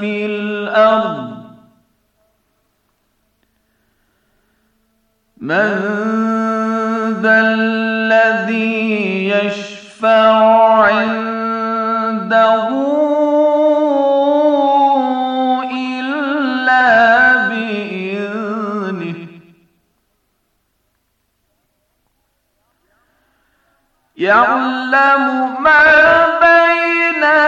في الأرض من ذا الذي يشفع عنده إلا بإذنه يعلم ما بين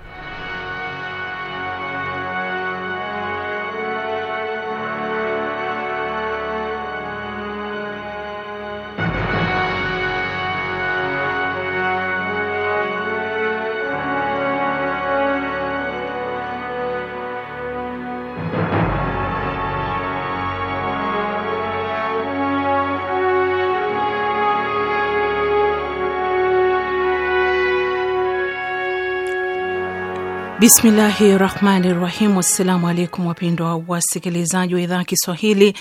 Bismillahi rahmani rahim. Assalamu alaikum wapendwa wasikilizaji wa idhaa ya Kiswahili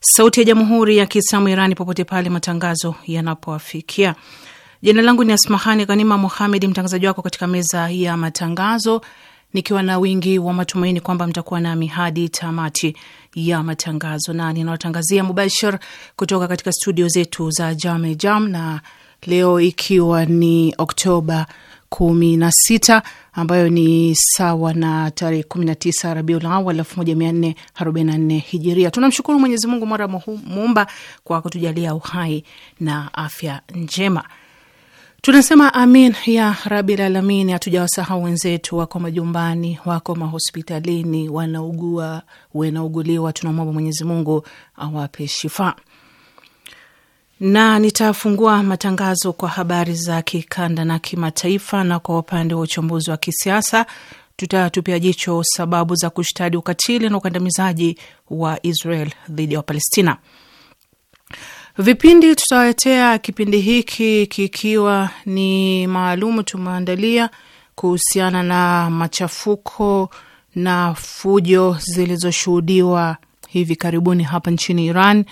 sauti ya jamhuri ya Kiislamu Irani popote pale matangazo yanapowafikia. Jina langu ni Asmahani Ghanima Muhamedi, mtangazaji wako katika meza ya matangazo, nikiwa na wingi wa matumaini kwamba mtakuwa nami hadi tamati ya matangazo, na ninawatangazia mubashir kutoka katika studio zetu za Jame Jam, na leo ikiwa ni Oktoba kumi na sita ambayo ni sawa na tarehe kumi na tisa Rabiul Awal elfu moja mia nne arobaini na nne Hijiria. Tunamshukuru Mwenyezi Mungu mara Muumba kwa kutujalia uhai na afya njema. Tunasema amin ya rabil alamin. Hatujawasahau wenzetu, wako majumbani, wako mahospitalini, wanaugua, wanauguliwa. Tunamwomba Mwenyezi Mungu awape shifa na nitafungua matangazo kwa habari za kikanda na kimataifa, na kwa upande wa uchambuzi wa kisiasa tutatupia jicho sababu za kushtadi ukatili na ukandamizaji wa Israel dhidi ya Wapalestina. Vipindi tutawaletea kipindi hiki kikiwa ni maalumu, tumeandalia kuhusiana na machafuko na fujo zilizoshuhudiwa hivi karibuni hapa nchini Iran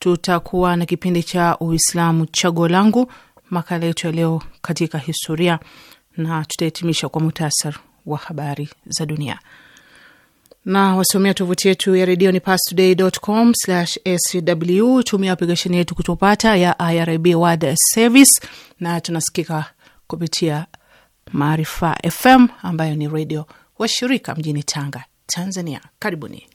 tutakuwa na kipindi cha Uislamu chaguo langu, makala yetu ya leo katika historia, na tutahitimisha kwa muhtasari wa habari za dunia na wasomea tovuti yetu ya redio ni pastoday.com/sw. Tumia aplikesheni yetu kutopata ya IRIB World Service, na tunasikika kupitia Maarifa FM ambayo ni redio washirika mjini Tanga, Tanzania. Karibuni.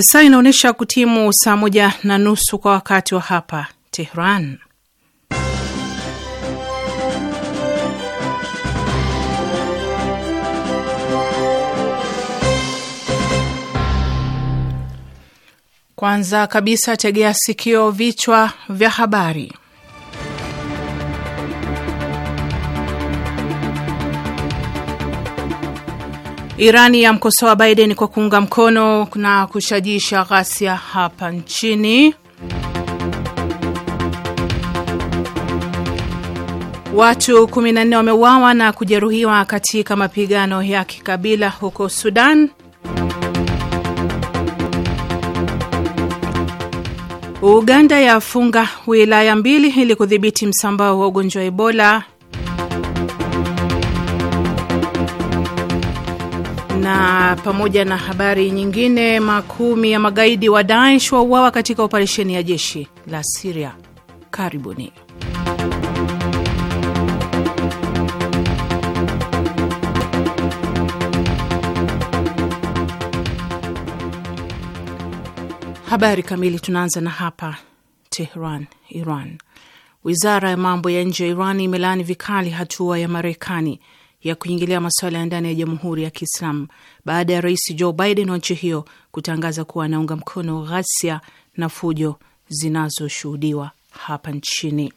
Saa inaonyesha kutimu saa moja na nusu kwa wakati wa hapa Tehran. Kwanza kabisa, tegea sikio vichwa vya habari. Irani yamkosoa Biden kwa kuunga mkono na kushajisha ghasia hapa nchini. Watu 14 wameuawa na kujeruhiwa katika mapigano ya kikabila huko Sudan. Uganda yafunga wilaya mbili ili kudhibiti msambao wa ugonjwa wa Ebola. na pamoja na habari nyingine, makumi ya magaidi wa Daesh wauawa katika operesheni ya jeshi la Siria. Karibuni. Habari kamili tunaanza na hapa Tehran, Iran. Wizara ya mambo ya nje ya Iran imelaani vikali hatua ya Marekani ya kuingilia masuala ya ndani ya Jamhuri ya Kiislam baada ya Rais Joe Biden wa nchi hiyo kutangaza kuwa anaunga mkono ghasia na fujo zinazoshuhudiwa hapa nchini.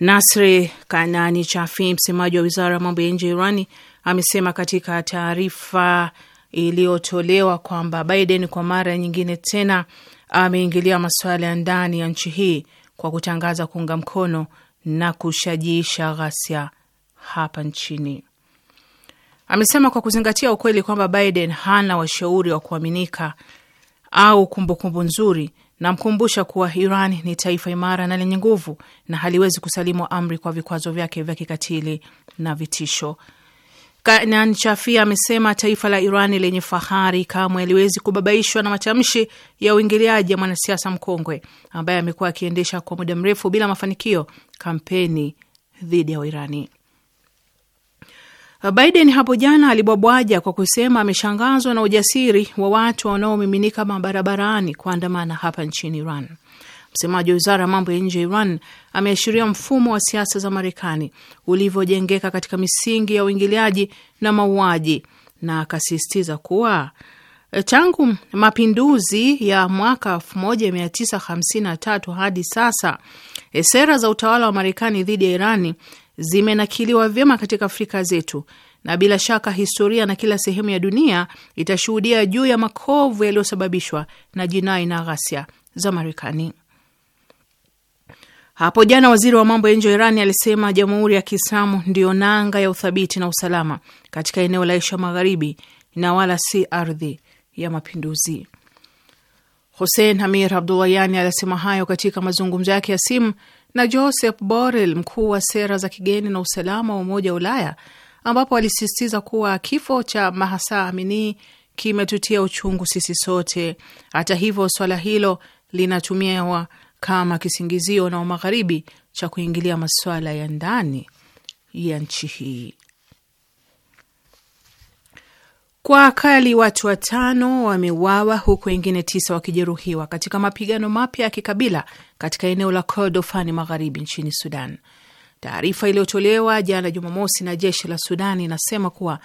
Nasri Kanani Chafi, msemaji wa wizara ya mambo ya nje ya Irani, amesema katika taarifa iliyotolewa kwamba Biden kwa mara nyingine tena ameingilia masuala ya ndani ya nchi hii kwa kutangaza kuunga mkono na kushajiisha ghasia hapa nchini. Amesema kwa kuzingatia ukweli kwamba Biden hana washauri wa kuaminika au kumbukumbu kumbu nzuri, namkumbusha kuwa Iran ni taifa imara na lenye nguvu na haliwezi kusalimwa amri kwa vikwazo vyake vya kikatili na vitisho. Kanan Chafia amesema taifa la iran lenye fahari kamwe haliwezi kubabaishwa na matamshi ya uingiliaji ya mwanasiasa mkongwe ambaye amekuwa akiendesha kwa muda mrefu bila mafanikio kampeni dhidi ya Wairani. Biden hapo jana alibwabwaja kwa kusema ameshangazwa na ujasiri wa watu wanaomiminika mabarabarani kuandamana hapa nchini Iran. Msemaji wa wizara ya mambo ya nje ya Iran ameashiria mfumo wa siasa za Marekani ulivyojengeka katika misingi ya uingiliaji na mauaji, na akasisitiza kuwa eh, tangu mapinduzi ya mwaka 1953 hadi sasa eh, sera za utawala wa Marekani dhidi ya Irani zimenakiliwa vyema katika Afrika zetu na bila shaka historia na kila sehemu ya dunia itashuhudia juu ya makovu yaliyosababishwa na jinai na ghasia za Marekani. Hapo jana waziri wa mambo ya nje wa Irani alisema Jamhuri ya Kiislamu ndiyo nanga ya uthabiti na usalama katika eneo la Asia Magharibi na wala si ardhi ya mapinduzi. Hussein Hamir Abdullahiani alisema hayo katika mazungumzo yake ya simu na Joseph Borrell, mkuu wa sera za kigeni na usalama wa Umoja wa Ulaya, ambapo alisisitiza kuwa kifo cha Mahsa Amini kimetutia uchungu sisi sote. Hata hivyo, swala hilo linatumiwa kama kisingizio na umagharibi cha kuingilia masuala ya ndani ya nchi hii. Kwa akali watu watano wameuawa huku wengine tisa wakijeruhiwa katika mapigano mapya ya kikabila katika eneo la Kordofani magharibi nchini Sudan. Taarifa iliyotolewa jana Jumamosi na jeshi la Sudan inasema kuwa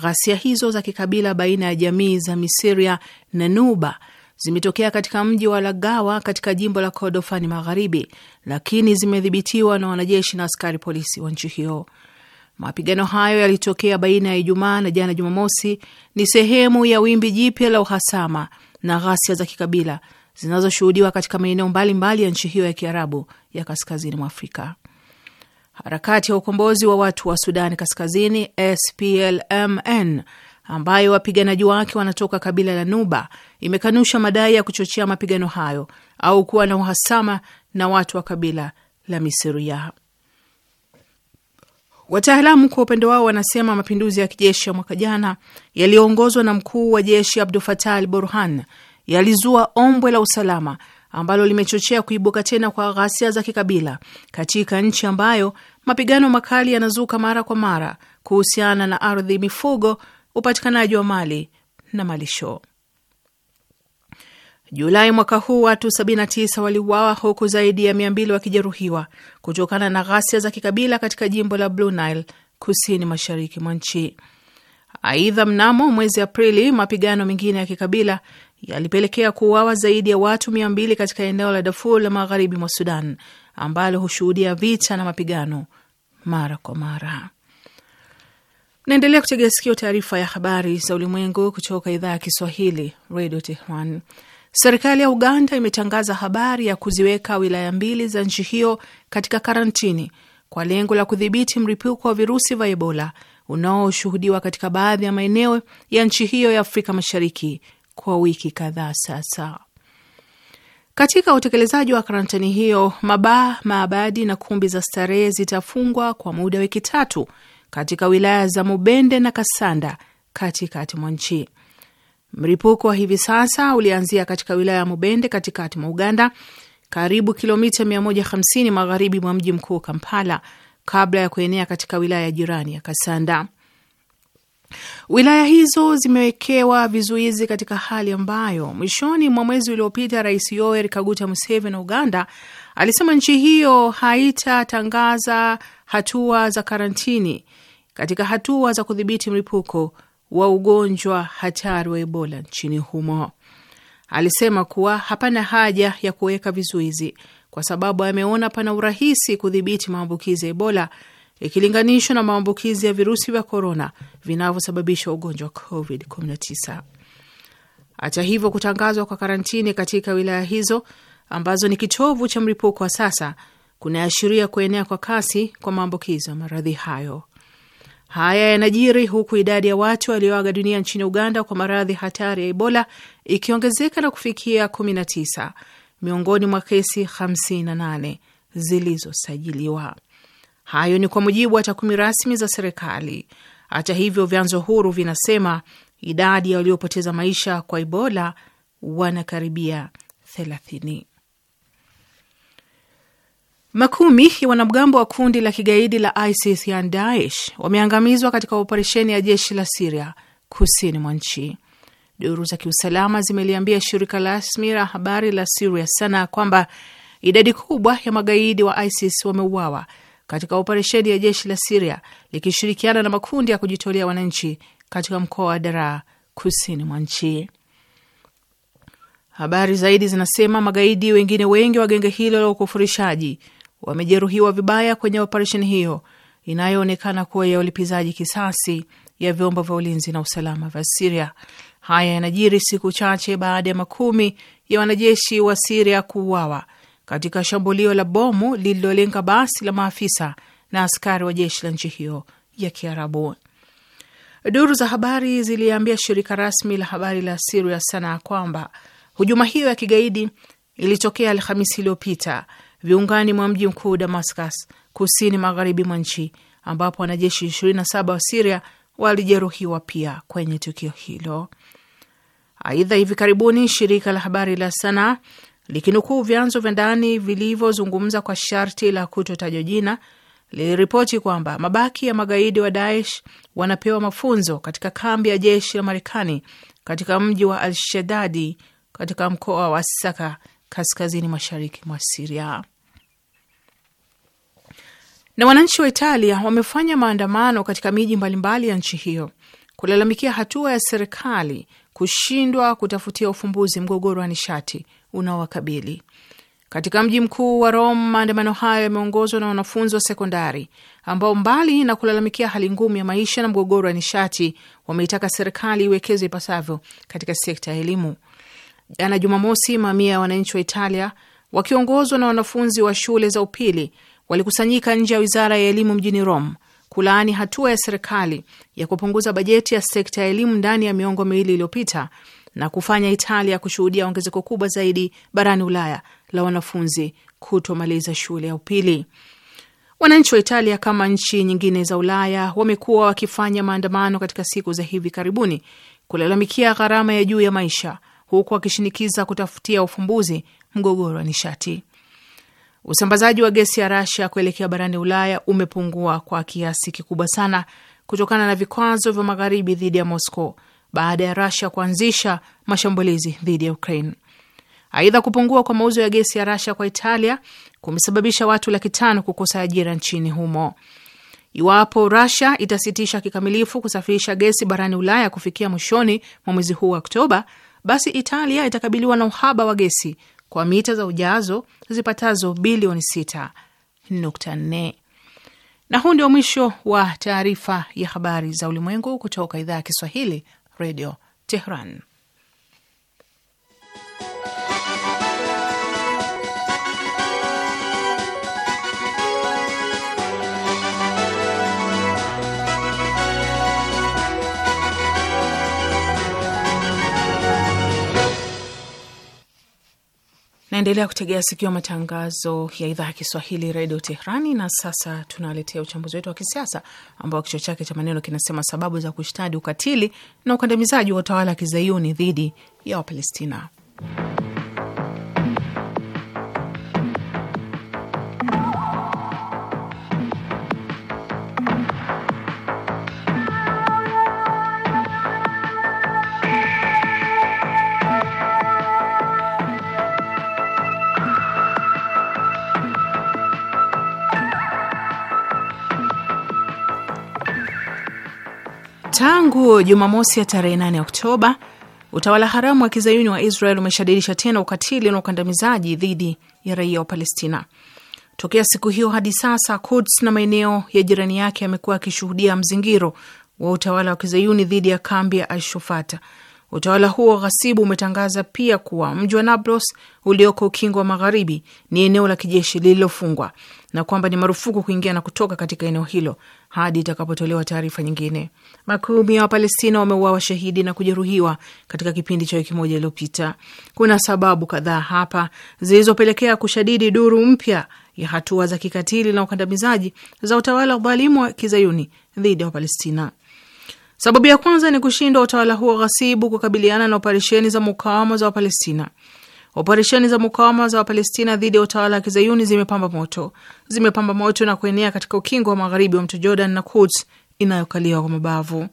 ghasia hizo za kikabila baina ya jamii za Misiria na Nuba zimetokea katika mji wa Lagawa katika jimbo la Kordofani magharibi, lakini zimedhibitiwa na wanajeshi na askari polisi wa nchi hiyo. Mapigano hayo yalitokea baina ya Ijumaa na jana Jumamosi, ni sehemu ya wimbi jipya la uhasama na ghasia za kikabila zinazoshuhudiwa katika maeneo mbalimbali ya nchi hiyo ya Kiarabu ya kaskazini mwa Afrika. Harakati ya ukombozi wa watu wa Sudani Kaskazini, SPLMN, ambayo wapiganaji wake wanatoka kabila la Nuba, imekanusha madai ya kuchochea mapigano hayo au kuwa na uhasama na watu wa kabila la Misiria. Wataalamu kwa upande wao wanasema mapinduzi ya kijeshi ya mwaka jana yaliyoongozwa na mkuu wa jeshi Abdul Fatah al Burhan yalizua ombwe la usalama ambalo limechochea kuibuka tena kwa ghasia za kikabila katika nchi ambayo mapigano makali yanazuka mara kwa mara kuhusiana na ardhi, mifugo, upatikanaji wa mali na malisho. Julai mwaka huu watu 79 waliuawa huku zaidi ya 200 wakijeruhiwa kutokana na ghasia za kikabila katika jimbo la Blue Nile kusini mashariki mwa nchi. Aidha, mnamo mwezi Aprili mapigano mengine ya kikabila yalipelekea kuuawa zaidi ya watu 200 katika eneo la Darfur la magharibi mwa Sudan ambalo hushuhudia vita na mapigano mara kwa mara. Naendelea kutegea sikio taarifa ya habari za ulimwengu kutoka idhaa ya Kiswahili, Radio Tehran. Serikali ya Uganda imetangaza habari ya kuziweka wilaya mbili za nchi hiyo katika karantini kwa lengo la kudhibiti mlipuko wa virusi vya Ebola unaoshuhudiwa katika baadhi ya maeneo ya nchi hiyo ya Afrika Mashariki kwa wiki kadhaa sasa. Katika utekelezaji wa karantini hiyo, mabaa, maabadi na kumbi za starehe zitafungwa kwa muda wiki tatu katika wilaya za Mubende na Kasanda katikati mwa nchi. Mlipuko wa hivi sasa ulianzia katika wilaya ya Mubende katikati mwa Uganda, karibu kilomita 150 magharibi mwa mji mkuu Kampala, kabla ya kuenea katika wilaya jirani ya Kasanda. Wilaya hizo zimewekewa vizuizi katika hali ambayo mwishoni mwa mwezi uliopita Rais Yoweri Kaguta Museveni wa Uganda alisema nchi hiyo haitatangaza hatua za karantini katika hatua za kudhibiti mlipuko wa ugonjwa hatari wa Ebola nchini humo. Alisema kuwa hapana haja ya kuweka vizuizi kwa sababu ameona pana urahisi kudhibiti maambukizi ya Ebola ikilinganishwa na maambukizi ya virusi vya korona vinavyosababisha ugonjwa wa COVID-19. Hata hivyo, kutangazwa kwa karantini katika wilaya hizo ambazo ni kitovu cha mlipuko wa sasa kunaashiria kuenea kwa kasi kwa maambukizo ya maradhi hayo. Haya yanajiri huku idadi ya watu walioaga dunia nchini Uganda kwa maradhi hatari ya Ebola ikiongezeka na kufikia 19 miongoni mwa kesi 58 zilizosajiliwa. Hayo ni kwa mujibu wa takwimu rasmi za serikali. Hata hivyo, vyanzo huru vinasema idadi ya waliopoteza maisha kwa Ebola wanakaribia 30. Makumi ya wanamgambo wa kundi la kigaidi la ISIS yan Daesh wameangamizwa katika operesheni ya jeshi la Siria kusini mwa nchi. Duru za kiusalama zimeliambia shirika rasmi la habari la Siria SANA kwamba idadi kubwa ya magaidi wa ISIS wameuawa katika operesheni ya jeshi la Siria likishirikiana na makundi ya kujitolea wananchi katika mkoa wa Daraa kusini mwa nchi. Habari zaidi zinasema magaidi wengine wengi wa genge hilo la ukufurishaji wamejeruhiwa vibaya kwenye operesheni hiyo inayoonekana kuwa ya ulipizaji kisasi ya vyombo vya ulinzi na usalama vya Siria. Haya yanajiri siku chache baada ya makumi ya wanajeshi wa Siria kuuawa katika shambulio la bomu lililolenga basi la maafisa na askari wa jeshi la nchi hiyo ya Kiarabu. Duru za habari ziliambia shirika rasmi la habari la Siria SANA kwamba hujuma hiyo ya kigaidi ilitokea Alhamisi iliyopita viungani mwa mji mkuu Damascus, kusini magharibi mwa nchi, ambapo wanajeshi 27 wa Siria walijeruhiwa pia kwenye tukio hilo. Aidha, hivi karibuni shirika la habari la sana likinukuu vyanzo vya ndani vilivyozungumza kwa sharti la kutotajwa jina liliripoti kwamba mabaki ya magaidi wa Daesh wanapewa mafunzo katika kambi ya jeshi la Marekani katika mji wa Al Shedadi katika mkoa wa Saka kaskazini mashariki mwa Siria. Na wananchi wa Italia wamefanya maandamano katika miji mbalimbali ya nchi hiyo kulalamikia hatua ya serikali kushindwa kutafutia ufumbuzi mgogoro wa nishati unaowakabili. Katika mji mkuu wa Rome, maandamano hayo yameongozwa na wanafunzi wa sekondari ambao mbali na kulalamikia hali ngumu ya maisha na mgogoro wa nishati, wameitaka serikali iwekeze ipasavyo katika sekta ya elimu. Jana Jumamosi, mamia ya wananchi wa Italia wakiongozwa na wanafunzi wa shule za upili walikusanyika nje ya wizara ya elimu mjini Rome kulaani hatua ya serikali ya kupunguza bajeti ya sekta ya elimu ndani ya miongo miwili iliyopita na kufanya Italia kushuhudia ongezeko kubwa zaidi barani Ulaya la wanafunzi kutomaliza shule ya upili. Wananchi wa Italia kama nchi nyingine za Ulaya wamekuwa wakifanya maandamano katika siku za hivi karibuni kulalamikia gharama ya juu ya maisha, huku wakishinikiza kutafutia ufumbuzi mgogoro wa nishati. Usambazaji wa gesi ya Rasia kuelekea barani Ulaya umepungua kwa kiasi kikubwa sana kutokana na vikwazo vya magharibi dhidi ya Moscow baada ya Rasia kuanzisha mashambulizi dhidi ya Ukraine. Aidha, kupungua kwa mauzo ya gesi ya Rasia kwa Italia kumesababisha watu laki tano kukosa ajira nchini humo. Iwapo Rasia itasitisha kikamilifu kusafirisha gesi barani Ulaya kufikia mwishoni mwa mwezi huu wa Oktoba, basi Italia itakabiliwa na uhaba wa gesi kwa mita za ujazo zipatazo bilioni 6.4. Na huu ndio mwisho wa taarifa ya habari za ulimwengu kutoka idhaa ya Kiswahili, Redio Tehran. Naendelea kutegea sikio matangazo ya idhaa ya Kiswahili redio Tehrani. Na sasa tunawaletea uchambuzi wetu wa kisiasa ambao kichwa chake cha maneno kinasema sababu za kushtadi ukatili na ukandamizaji wa utawala wa kizayuni dhidi ya Wapalestina. Tangu Jumamosi ya tarehe 8 Oktoba, utawala haramu wa kizayuni wa Israel umeshadidisha tena ukatili na ukandamizaji dhidi ya raia wa Palestina. Tokea siku hiyo hadi sasa, Kuds na maeneo ya jirani yake yamekuwa yakishuhudia mzingiro wa utawala wa kizayuni dhidi ya kambi ya ashufata Utawala huo ghasibu umetangaza pia kuwa mji wa nablos ulioko ukingo wa magharibi ni eneo la kijeshi lililofungwa na kwamba ni marufuku kuingia na kutoka katika eneo hilo hadi itakapotolewa taarifa nyingine. Makumi ya Wapalestina wameuawa shahidi na kujeruhiwa katika kipindi cha wiki moja iliyopita. Kuna sababu kadhaa hapa zilizopelekea kushadidi duru mpya ya hatua za kikatili na ukandamizaji za utawala wa dhalimu wa kizayuni dhidi ya Wapalestina. Sababu ya kwanza ni kushindwa utawala huo ghasibu kukabiliana na operesheni za mukawamo za Wapalestina. Operesheni za mukawama za Wapalestina dhidi ya utawala wa kizayuni zimepamba moto zimepamba moto na kuenea katika ukingo wa magharibi wa mto Jordan na Quds inayokaliwa kwa mabavu,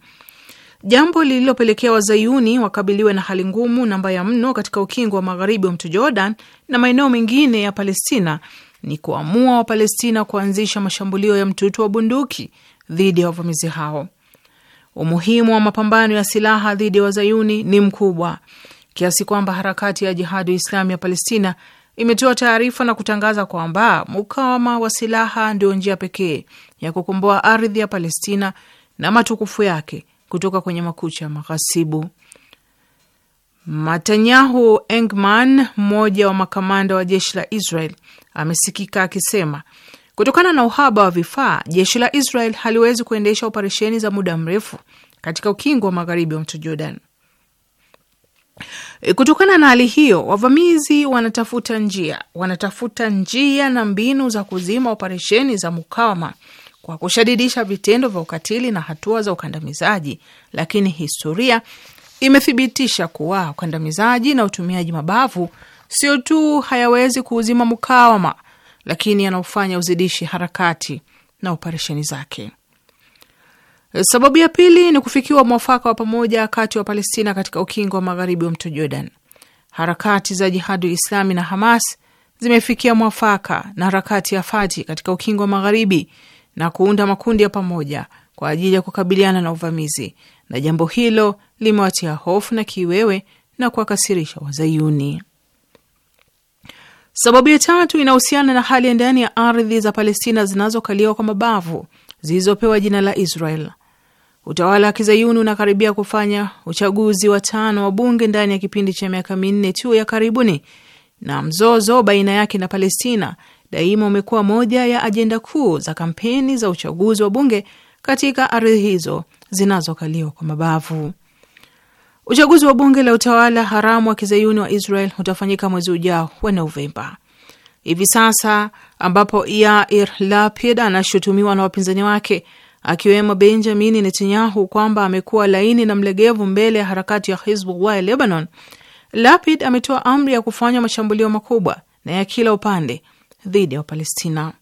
jambo lililopelekea wazayuni wakabiliwe na hali ngumu na mbaya mno katika ukingo wa magharibi wa mto Jordan na maeneo mengine ya Palestina ni kuamua Wapalestina kuanzisha mashambulio ya mtutu wa bunduki dhidi ya wavamizi hao. Umuhimu wa mapambano ya silaha dhidi ya wazayuni ni mkubwa kiasi kwamba harakati ya Jihadi Waislamu ya Palestina imetoa taarifa na kutangaza kwamba mukawama wa silaha ndio njia pekee ya kukomboa ardhi ya Palestina na matukufu yake kutoka kwenye makucha maghasibu. Matanyahu Engman, mmoja wa makamanda wa jeshi la Israel, amesikika akisema kutokana na uhaba wa vifaa, jeshi la Israel haliwezi kuendesha operesheni za muda mrefu katika ukingo wa magharibi wa mto Jordan. Eh, kutokana na hali hiyo, wavamizi wanatafuta njia wanatafuta njia na mbinu za kuzima operesheni za mukawama kwa kushadidisha vitendo vya ukatili na hatua za ukandamizaji, lakini historia imethibitisha kuwa ukandamizaji na utumiaji mabavu sio tu hayawezi kuuzima mukawama, lakini yanaofanya uzidishi harakati na operesheni zake. Eh, sababu ya pili ni kufikiwa mwafaka wa pamoja kati wa Palestina katika ukingo wa magharibi wa mto Jordan. Harakati za Jihadul Islami na Hamas zimefikia mwafaka na harakati ya Fati katika ukingo wa magharibi na kuunda makundi ya pamoja kwa ajili ya kukabiliana na uvamizi, na jambo hilo limewatia hofu na kiwewe na kuwakasirisha Wazayuni. Sababu ya tatu inahusiana na hali ya ndani ya ardhi za Palestina zinazokaliwa kwa mabavu zilizopewa jina la Israel. Utawala wa kizayuni unakaribia kufanya uchaguzi wa tano wa bunge ndani ya kipindi cha miaka minne tu ya karibuni, na mzozo baina yake na Palestina daima umekuwa moja ya ajenda kuu za kampeni za uchaguzi wa bunge katika ardhi hizo zinazokaliwa kwa mabavu. Uchaguzi wa bunge la utawala haramu wa kizayuni wa Israel utafanyika mwezi ujao wa Novemba. Hivi sasa ambapo Yair Lapid anashutumiwa na wapinzani wake akiwemo Benjamini Netanyahu kwamba amekuwa laini na mlegevu mbele ya harakati ya Hizbullah ya Lebanon, Lapid ametoa amri ya kufanywa mashambulio makubwa na ya kila upande dhidi ya Wapalestina.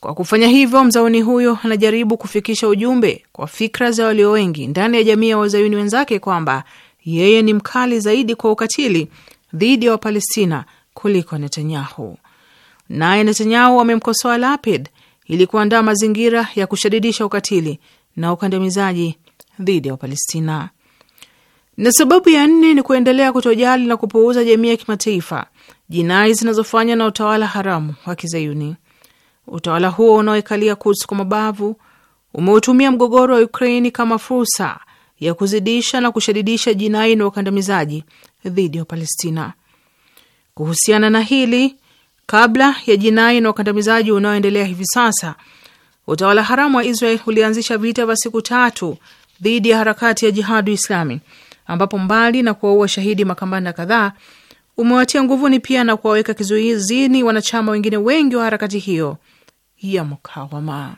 Kwa kufanya hivyo, mzauni huyo anajaribu kufikisha ujumbe kwa fikra za walio wengi ndani ya jamii ya wazayuni wenzake kwamba yeye ni mkali zaidi kwa ukatili dhidi ya Wapalestina kuliko Netanyahu. Naye Netanyahu amemkosoa Lapid ili kuandaa mazingira ya kushadidisha ukatili na ukandamizaji dhidi ya Wapalestina. Na sababu ya nne ni kuendelea kutojali na kupuuza jamii ya kimataifa jinai zinazofanywa na utawala haramu wa Kizayuni. Utawala huo unaoekalia Kuds kwa mabavu umeutumia mgogoro wa Ukraini kama fursa ya kuzidisha na kushadidisha jinai na ukandamizaji dhidi ya Palestina. Kuhusiana na hili, Kabla ya jinai na ukandamizaji unaoendelea hivi sasa, utawala haramu wa Israel ulianzisha vita vya siku tatu dhidi ya harakati ya Jihadu Islami, ambapo mbali na kuwaua shahidi makambanda kadhaa, umewatia nguvuni pia na kuwaweka kizuizini wanachama wengine wengi wa harakati hiyo ya mukawama.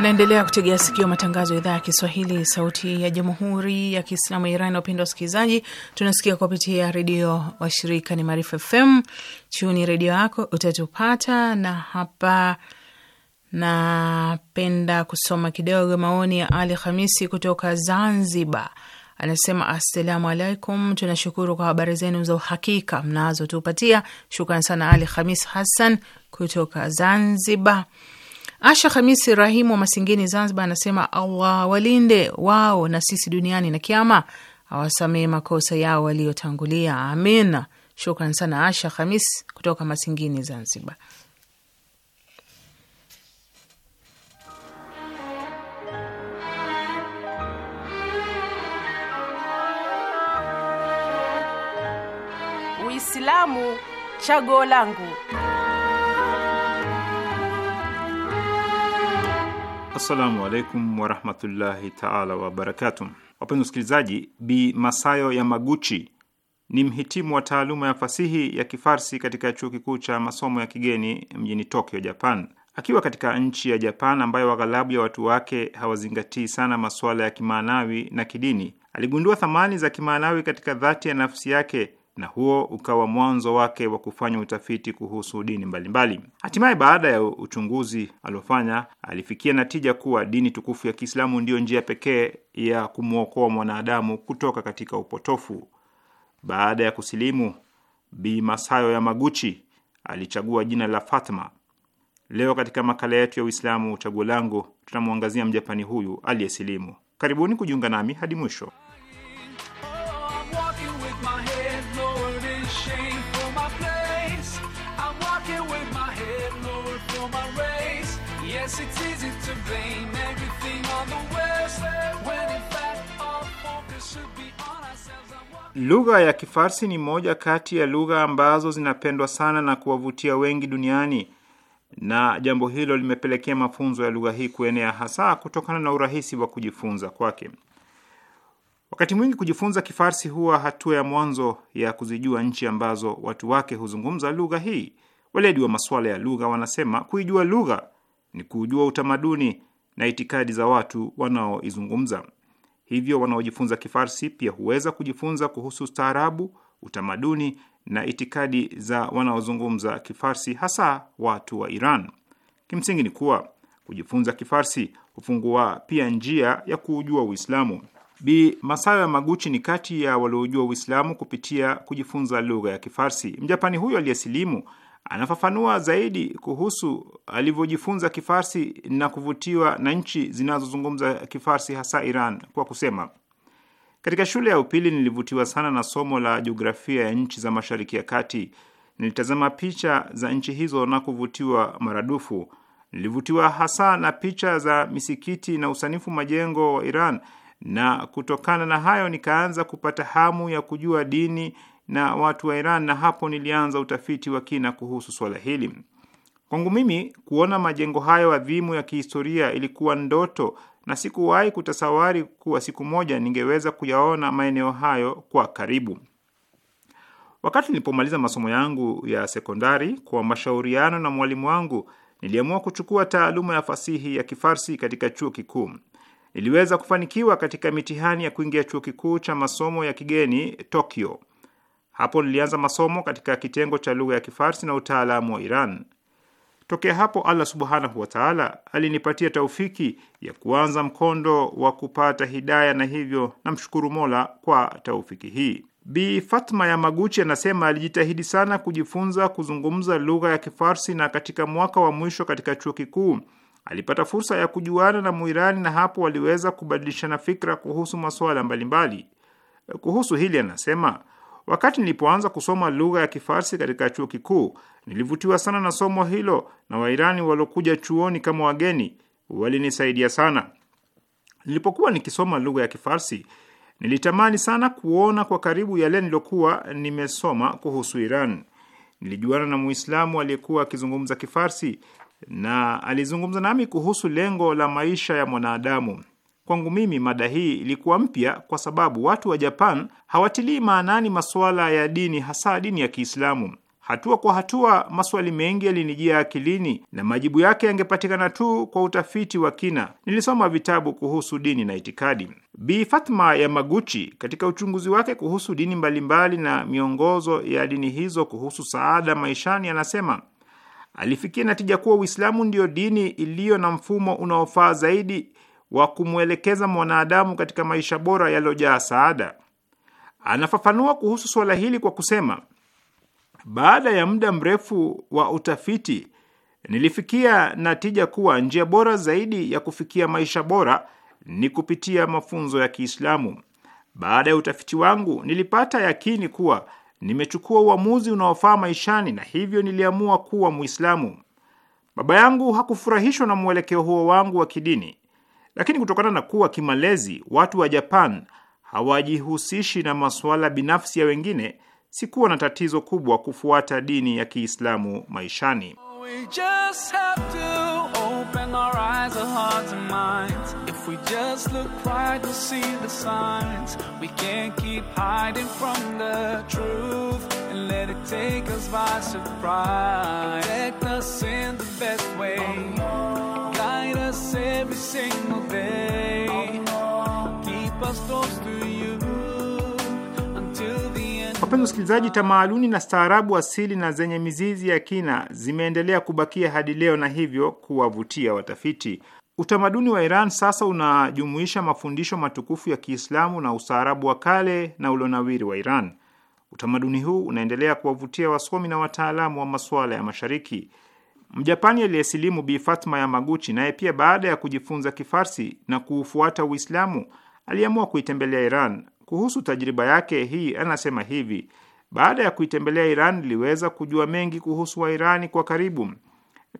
Naendelea kutegea sikio matangazo ya idhaa ya Kiswahili, sauti ya jamhuri ya kiislamu ya Iran. Wapendwa wasikilizaji, tunasikia kupitia redio washirika ni Maarifa FM. Chuni redio yako utatupata, na hapa napenda kusoma kidogo maoni ya Ali Hamisi kutoka Zanzibar. Anasema assalamu alaikum, tunashukuru kwa habari zenu za uhakika mnazotupatia. Shukran sana Ali Hamis Hassan kutoka Zanzibar. Asha Hamisi Rahimu wa masingini Zanzibar, anasema Allah walinde wao na sisi duniani na Kiama, awasamehe makosa yao waliotangulia, amina. Shukran sana Asha Hamis kutoka Masingini, Zanzibar. Uislamu chaguo langu. Assalamu alaikum warahmatullahi taala wabarakatu. Wapenzi wasikilizaji, Bi Masayo Yamaguchi ni mhitimu wa taaluma ya fasihi ya Kifarsi katika chuo kikuu cha masomo ya kigeni mjini Tokyo, Japan. Akiwa katika nchi ya Japan ambayo waghalabu ya watu wake hawazingatii sana masuala ya kimaanawi na kidini, aligundua thamani za kimaanawi katika dhati ya nafsi yake na huo ukawa mwanzo wake wa kufanya utafiti kuhusu dini mbalimbali. Hatimaye, baada ya uchunguzi aliofanya, alifikia natija kuwa dini tukufu ya Kiislamu ndiyo njia pekee ya kumwokoa mwanadamu kutoka katika upotofu. Baada ya kusilimu, Bi Masayo maguchi alichagua jina la Fatma. Leo katika makala yetu ya Uislamu Chaguo Langu, tunamwangazia Mjapani huyu aliyesilimu. Karibuni kujiunga nami hadi mwisho. Lugha ya Kifarsi ni moja kati ya lugha ambazo zinapendwa sana na kuwavutia wengi duniani na jambo hilo limepelekea mafunzo ya lugha hii kuenea hasa kutokana na urahisi wa kujifunza kwake. Wakati mwingi kujifunza Kifarsi huwa hatua ya mwanzo ya kuzijua nchi ambazo watu wake huzungumza lugha hii. Weledi wa masuala ya lugha wanasema kuijua lugha ni kujua utamaduni na itikadi za watu wanaoizungumza. Hivyo wanaojifunza Kifarsi pia huweza kujifunza kuhusu staarabu, utamaduni na itikadi za wanaozungumza Kifarsi, hasa watu wa Iran. Kimsingi ni kuwa kujifunza Kifarsi hufungua pia njia ya kuujua Uislamu. Bi Masayo ya Maguchi ni kati ya waliojua Uislamu kupitia kujifunza lugha ya Kifarsi. Mjapani huyo aliyesilimu Anafafanua zaidi kuhusu alivyojifunza Kifarsi na kuvutiwa na nchi zinazozungumza Kifarsi, hasa Iran, kwa kusema katika shule ya upili nilivutiwa sana na somo la jiografia ya nchi za Mashariki ya Kati. Nilitazama picha za nchi hizo na kuvutiwa maradufu. Nilivutiwa hasa na picha za misikiti na usanifu majengo wa Iran, na kutokana na hayo nikaanza kupata hamu ya kujua dini na watu wa Iran, na hapo nilianza utafiti wa kina kuhusu swala hili. Kwangu mimi kuona majengo hayo adhimu ya kihistoria ilikuwa ndoto, na sikuwahi kutasawari kuwa siku moja ningeweza kuyaona maeneo hayo kwa karibu. Wakati nilipomaliza masomo yangu ya sekondari, kwa mashauriano na mwalimu wangu, niliamua kuchukua taaluma ya fasihi ya Kifarsi katika chuo kikuu. Niliweza kufanikiwa katika mitihani ya kuingia chuo kikuu cha masomo ya kigeni Tokyo. Hapo nilianza masomo katika kitengo cha lugha ya Kifarsi na utaalamu wa Iran. Tokea hapo Allah subhanahu wataala alinipatia taufiki ya kuanza mkondo wa kupata hidaya, na hivyo namshukuru Mola kwa taufiki hii. Bi Fatma ya Maguchi anasema alijitahidi sana kujifunza kuzungumza lugha ya Kifarsi, na katika mwaka wa mwisho katika chuo kikuu alipata fursa ya kujuana na Muirani, na hapo waliweza kubadilishana fikra kuhusu masuala mbalimbali. Kuhusu hili anasema Wakati nilipoanza kusoma lugha ya Kifarsi katika chuo kikuu, nilivutiwa sana na somo hilo, na Wairani waliokuja chuoni kama wageni walinisaidia sana. Nilipokuwa nikisoma lugha ya Kifarsi, nilitamani sana kuona kwa karibu yale niliokuwa nimesoma kuhusu Iran. Nilijuana na Muislamu aliyekuwa akizungumza Kifarsi na alizungumza nami kuhusu lengo la maisha ya mwanadamu. Kwangu mimi mada hii ilikuwa mpya kwa sababu watu wa Japan hawatilii maanani masuala ya dini, hasa dini ya Kiislamu. Hatua kwa hatua, maswali mengi yalinijia akilini na majibu yake yangepatikana tu kwa utafiti wa kina. Nilisoma vitabu kuhusu dini na itikadi. Bi Fatma Yamaguchi katika uchunguzi wake kuhusu dini mbalimbali na miongozo ya dini hizo kuhusu saada maishani, anasema alifikia natija kuwa Uislamu ndiyo dini iliyo na mfumo unaofaa zaidi wa kumwelekeza mwanadamu katika maisha bora yaliyojaa saada. Anafafanua kuhusu suala hili kwa kusema, baada ya muda mrefu wa utafiti nilifikia natija kuwa njia bora zaidi ya kufikia maisha bora ni kupitia mafunzo ya Kiislamu. Baada ya utafiti wangu nilipata yakini kuwa nimechukua uamuzi unaofaa maishani, na hivyo niliamua kuwa Muislamu. Baba yangu hakufurahishwa na mwelekeo huo wangu wa kidini, lakini kutokana na kuwa kimalezi watu wa Japan hawajihusishi na masuala binafsi ya wengine, sikuwa na tatizo kubwa kufuata dini ya Kiislamu maishani single day. Keep us close to you. Wapenzi wasikilizaji, tamaduni na staarabu asili na zenye mizizi ya kina zimeendelea kubakia hadi leo na hivyo kuwavutia watafiti. Utamaduni wa Iran sasa unajumuisha mafundisho matukufu ya Kiislamu na ustaarabu wa kale na ulonawiri wa Iran. Utamaduni huu unaendelea kuwavutia wasomi na wataalamu wa masuala ya Mashariki. Mjapani aliyesilimu Bi Fatma Yamaguchi naye pia baada ya kujifunza Kifarsi na kuufuata Uislamu aliamua kuitembelea Iran. Kuhusu tajriba yake hii anasema hivi: baada ya kuitembelea Iran niliweza kujua mengi kuhusu Wairani kwa karibu.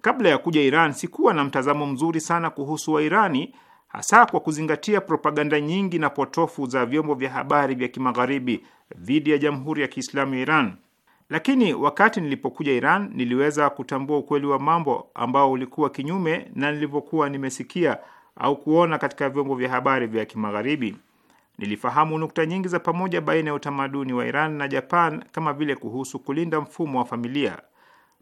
Kabla ya kuja Iran sikuwa na mtazamo mzuri sana kuhusu Wairani, hasa kwa kuzingatia propaganda nyingi na potofu za vyombo vya habari vya kimagharibi dhidi ya Jamhuri ya Kiislamu ya Iran. Lakini wakati nilipokuja Iran niliweza kutambua ukweli wa mambo ambao ulikuwa kinyume na nilivyokuwa nimesikia au kuona katika vyombo vya habari vya Kimagharibi. Nilifahamu nukta nyingi za pamoja baina ya utamaduni wa Iran na Japan kama vile kuhusu kulinda mfumo wa familia.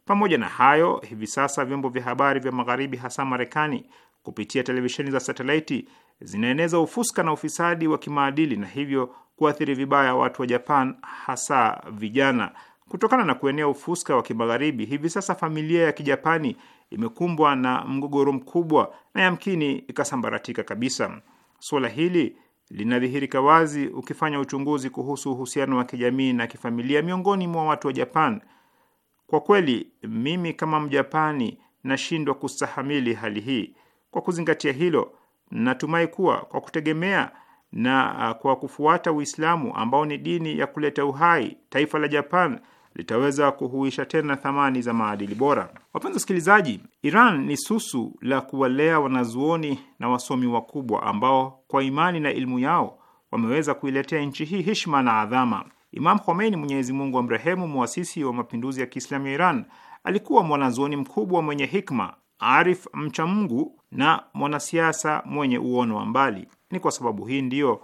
Pamoja na hayo, hivi sasa vyombo vya habari vya Magharibi, hasa Marekani, kupitia televisheni za satelaiti zinaeneza ufuska na ufisadi wa kimaadili na hivyo kuathiri vibaya watu wa Japan, hasa vijana. Kutokana na kuenea ufuska wa kimagharibi, hivi sasa familia ya kijapani imekumbwa na mgogoro mkubwa na yamkini ikasambaratika kabisa. Suala hili linadhihirika wazi ukifanya uchunguzi kuhusu uhusiano wa kijamii na kifamilia miongoni mwa watu wa Japan. Kwa kweli, mimi kama Mjapani nashindwa kustahamili hali hii. Kwa kuzingatia hilo, natumai kuwa kwa kutegemea na kwa kufuata Uislamu ambao ni dini ya kuleta uhai, taifa la Japan litaweza kuhuisha tena thamani za maadili bora. Wapenzi wasikilizaji, Iran ni susu la kuwalea wanazuoni na wasomi wakubwa ambao kwa imani na ilmu yao wameweza kuiletea nchi hii hishma na adhama. Imam Khomeini, Mwenyezi Mungu amrehemu, mwasisi wa mapinduzi ya Kiislamu ya Iran, alikuwa mwanazuoni mkubwa mwenye hikma, arif, mcha Mungu na mwanasiasa mwenye uono wa mbali. Ni kwa sababu hii ndiyo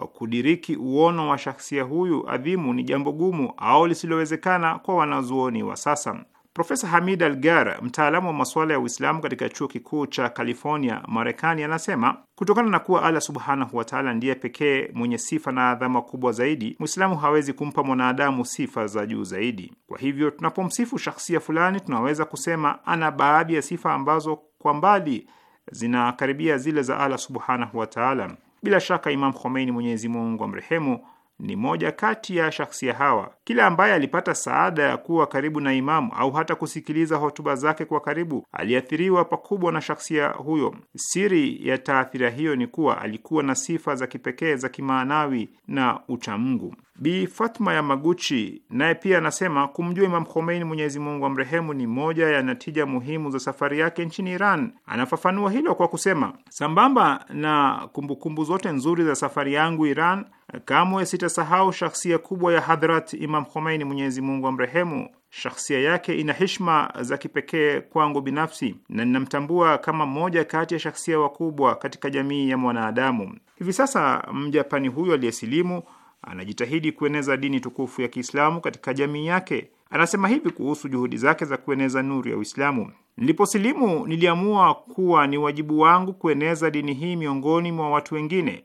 kudiriki uono wa shahsia huyu adhimu ni jambo gumu au lisilowezekana kwa wanazuoni wa sasa. Profesa Hamid Algar, mtaalamu wa masuala ya Uislamu katika chuo kikuu cha California, Marekani, anasema kutokana na kuwa Allah subhanahu wataala ndiye pekee mwenye sifa na adhama kubwa zaidi, Mwislamu hawezi kumpa mwanadamu sifa za juu zaidi. Kwa hivyo, tunapomsifu shakhsia fulani, tunaweza kusema ana baadhi ya sifa ambazo kwa mbali zinakaribia zile za Allah subhanahu wataala. Bila shaka Imam Khomeini, Mwenyezi Mungu amrehemu, ni moja kati ya shahsia hawa. Kila ambaye alipata saada ya kuwa karibu na Imamu au hata kusikiliza hotuba zake kwa karibu aliathiriwa pakubwa na shahsia huyo. Siri ya taathira hiyo ni kuwa alikuwa na sifa za kipekee za kimaanawi na uchamungu. Bi Fatma ya Maguchi naye pia anasema kumjua Imam Khomeini, Mwenyezi Mungu amrehemu, ni moja ya natija muhimu za safari yake nchini Iran. Anafafanua hilo kwa kusema, sambamba na kumbukumbu zote nzuri za safari yangu Iran Kamwe sitasahau shahsia kubwa ya Hadhrat Imam Khomeini, Mwenyezi Mungu amrehemu. Shahsia yake ina hishma za kipekee kwangu binafsi na ninamtambua kama mmoja kati ya shahsia wakubwa katika jamii ya mwanadamu. Hivi sasa Mjapani huyo aliyesilimu anajitahidi kueneza dini tukufu ya Kiislamu katika jamii yake. Anasema hivi kuhusu juhudi zake za kueneza nuru ya Uislamu: niliposilimu, niliamua kuwa ni wajibu wangu kueneza dini hii miongoni mwa watu wengine.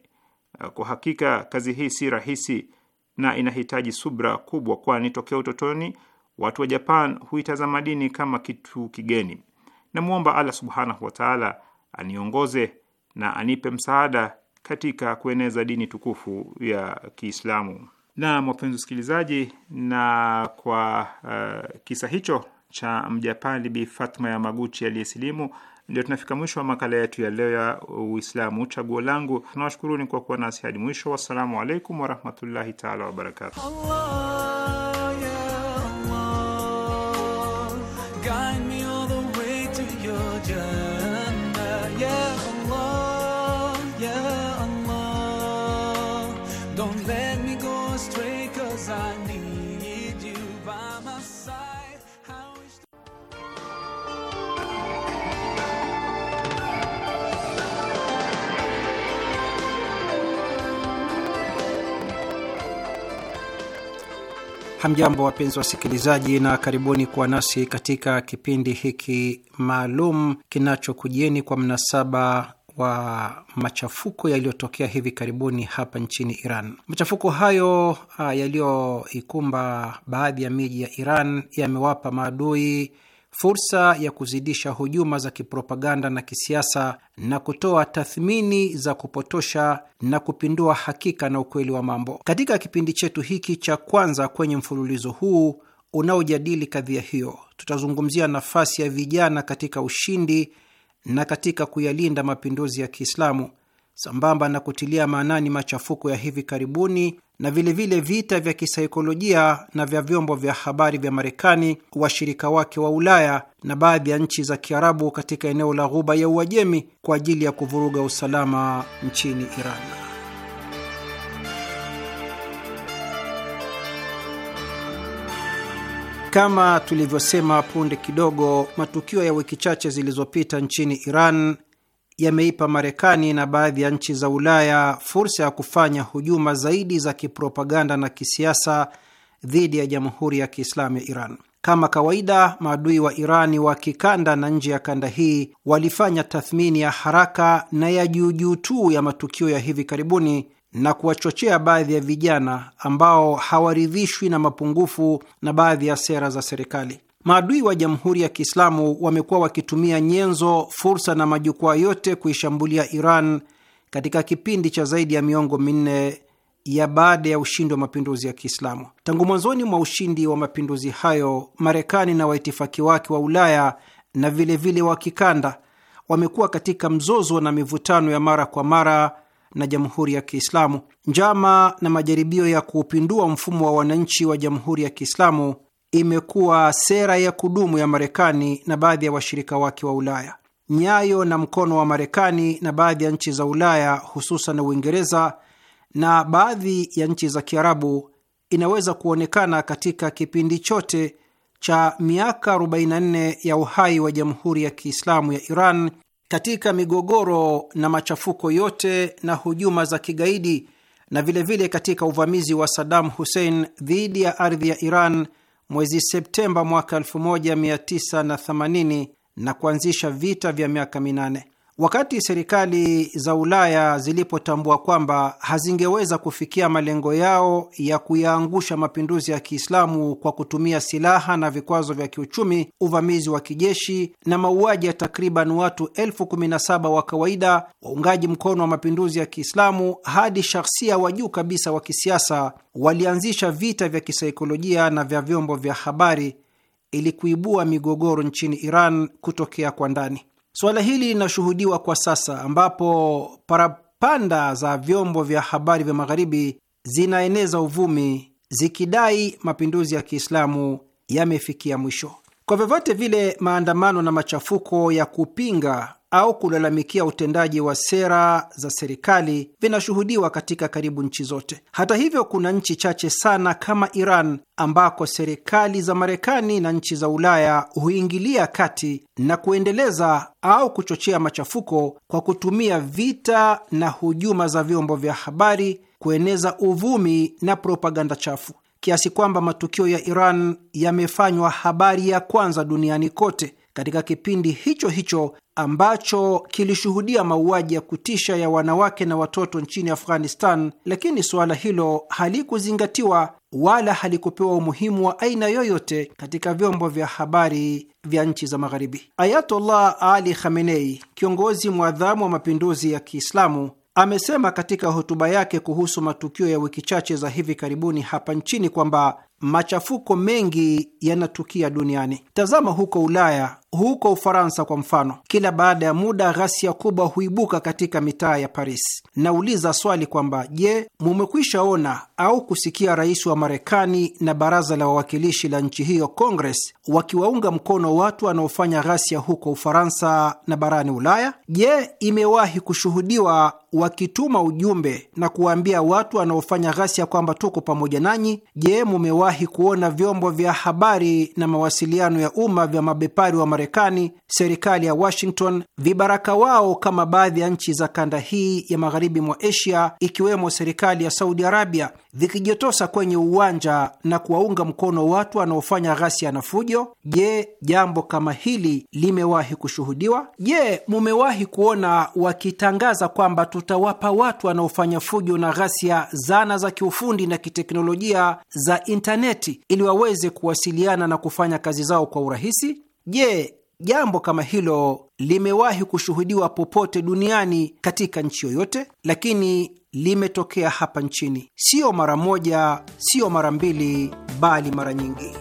Eh, kwa hakika kazi hii si rahisi na inahitaji subra kubwa, kwani tokea utotoni watu wa Japan huitazama dini kama kitu kigeni. Namwomba Allah subhanahu wataala aniongoze na anipe msaada katika kueneza dini tukufu ya Kiislamu. Na wapenzi usikilizaji na kwa uh, kisa hicho cha Mjapani Bi Fatma maguchi aliyesilimu ndio tunafika mwisho wa makala yetu ya leo ya Uislamu chaguo langu. Tunawashukuruni kwa kuwa nasi hadi mwisho. Wassalamu alaikum warahmatullahi taala wabarakatu. Hamjambo, wapenzi wasikilizaji, na karibuni kuwa nasi katika kipindi hiki maalum kinachokujieni kwa mnasaba wa machafuko yaliyotokea hivi karibuni hapa nchini Iran. Machafuko hayo ah, yaliyoikumba baadhi ya miji ya Iran yamewapa maadui fursa ya kuzidisha hujuma za kipropaganda na kisiasa na kutoa tathmini za kupotosha na kupindua hakika na ukweli wa mambo. Katika kipindi chetu hiki cha kwanza kwenye mfululizo huu unaojadili kadhia hiyo, tutazungumzia nafasi ya vijana katika ushindi na katika kuyalinda mapinduzi ya Kiislamu sambamba na kutilia maanani machafuko ya hivi karibuni na vilevile vile vita vya kisaikolojia na vya vyombo vya habari vya Marekani, washirika wake wa Ulaya na baadhi ya nchi za Kiarabu katika eneo la Ghuba ya Uajemi kwa ajili ya kuvuruga usalama nchini Iran. Kama tulivyosema punde kidogo, matukio ya wiki chache zilizopita nchini Iran yameipa Marekani na baadhi ya nchi za Ulaya fursa ya kufanya hujuma zaidi za kipropaganda na kisiasa dhidi ya Jamhuri ya Kiislamu ya Iran. Kama kawaida, maadui wa Irani wa kikanda na nje ya kanda hii walifanya tathmini ya haraka na ya juujuu tu ya matukio ya hivi karibuni na kuwachochea baadhi ya vijana ambao hawaridhishwi na mapungufu na baadhi ya sera za serikali. Maadui wa Jamhuri ya Kiislamu wamekuwa wakitumia nyenzo, fursa na majukwaa yote kuishambulia Iran katika kipindi cha zaidi ya miongo minne ya baada ya ushindi wa mapinduzi ya Kiislamu. Tangu mwanzoni mwa ushindi wa mapinduzi hayo, Marekani na waitifaki wake wa Ulaya na vilevile vile wa kikanda wamekuwa katika mzozo na mivutano ya mara kwa mara na Jamhuri ya Kiislamu. Njama na majaribio ya kuupindua mfumo wa wananchi wa Jamhuri ya Kiislamu imekuwa sera ya kudumu ya Marekani na baadhi ya washirika wake wa Ulaya. Nyayo na mkono wa Marekani na baadhi ya nchi za Ulaya, hususan Uingereza na baadhi ya nchi za Kiarabu inaweza kuonekana katika kipindi chote cha miaka 44 ya uhai wa Jamhuri ya Kiislamu ya Iran, katika migogoro na machafuko yote na hujuma za kigaidi, na vilevile vile katika uvamizi wa Saddam Hussein dhidi ya ardhi ya Iran mwezi Septemba mwaka 1980 na kuanzisha vita vya miaka minane. Wakati serikali za Ulaya zilipotambua kwamba hazingeweza kufikia malengo yao ya kuyaangusha mapinduzi ya Kiislamu kwa kutumia silaha na vikwazo vya kiuchumi, uvamizi wa kijeshi na mauaji ya takriban watu elfu kumi na saba wa kawaida, waungaji mkono wa mapinduzi ya Kiislamu hadi shahsia wa juu kabisa wa kisiasa, walianzisha vita vya kisaikolojia na vya vyombo vya habari ili kuibua migogoro nchini Iran kutokea kwa ndani. Suala hili linashuhudiwa kwa sasa ambapo parapanda za vyombo vya habari vya Magharibi zinaeneza uvumi zikidai mapinduzi ya Kiislamu yamefikia mwisho. Kwa vyovyote vile, maandamano na machafuko ya kupinga au kulalamikia utendaji wa sera za serikali vinashuhudiwa katika karibu nchi zote. Hata hivyo, kuna nchi chache sana kama Iran ambako serikali za Marekani na nchi za Ulaya huingilia kati na kuendeleza au kuchochea machafuko kwa kutumia vita na hujuma za vyombo vya habari kueneza uvumi na propaganda chafu kiasi kwamba matukio ya Iran yamefanywa habari ya kwanza duniani kote katika kipindi hicho hicho ambacho kilishuhudia mauaji ya kutisha ya wanawake na watoto nchini Afghanistan, lakini suala hilo halikuzingatiwa wala halikupewa umuhimu wa aina yoyote katika vyombo vya habari vya nchi za Magharibi. Ayatollah Ali Khamenei, kiongozi mwadhamu wa mapinduzi ya Kiislamu, amesema katika hotuba yake kuhusu matukio ya wiki chache za hivi karibuni hapa nchini kwamba machafuko mengi yanatukia duniani. Tazama huko Ulaya, huko Ufaransa kwa mfano, kila baada ya muda ghasia kubwa huibuka katika mitaa ya Paris. Nauliza swali kwamba je, mumekwisha ona au kusikia rais wa Marekani na baraza la wawakilishi la nchi hiyo Congress wakiwaunga mkono watu wanaofanya ghasia huko Ufaransa na barani Ulaya? Je, imewahi kushuhudiwa wakituma ujumbe na kuwaambia watu wanaofanya ghasia kwamba tuko pamoja nanyi? Je, mumewahi hajawahi kuona vyombo vya habari na mawasiliano ya umma vya mabepari wa Marekani, serikali ya Washington, vibaraka wao kama baadhi ya nchi za kanda hii ya magharibi mwa Asia, ikiwemo serikali ya Saudi Arabia vikijitosa kwenye uwanja na kuwaunga mkono watu wanaofanya ghasia na fujo? Je, jambo kama hili limewahi kushuhudiwa? Je, mumewahi kuona wakitangaza kwamba tutawapa watu wanaofanya fujo na ghasia zana za kiufundi na kiteknolojia za intaneti ili waweze kuwasiliana na kufanya kazi zao kwa urahisi? Je, jambo kama hilo limewahi kushuhudiwa popote duniani katika nchi yoyote, lakini limetokea hapa nchini, sio mara moja, sio mara mbili, bali mara nyingi.